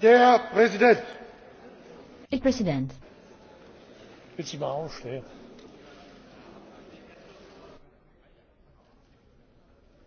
Der Präsident. Il-President. Bitte mal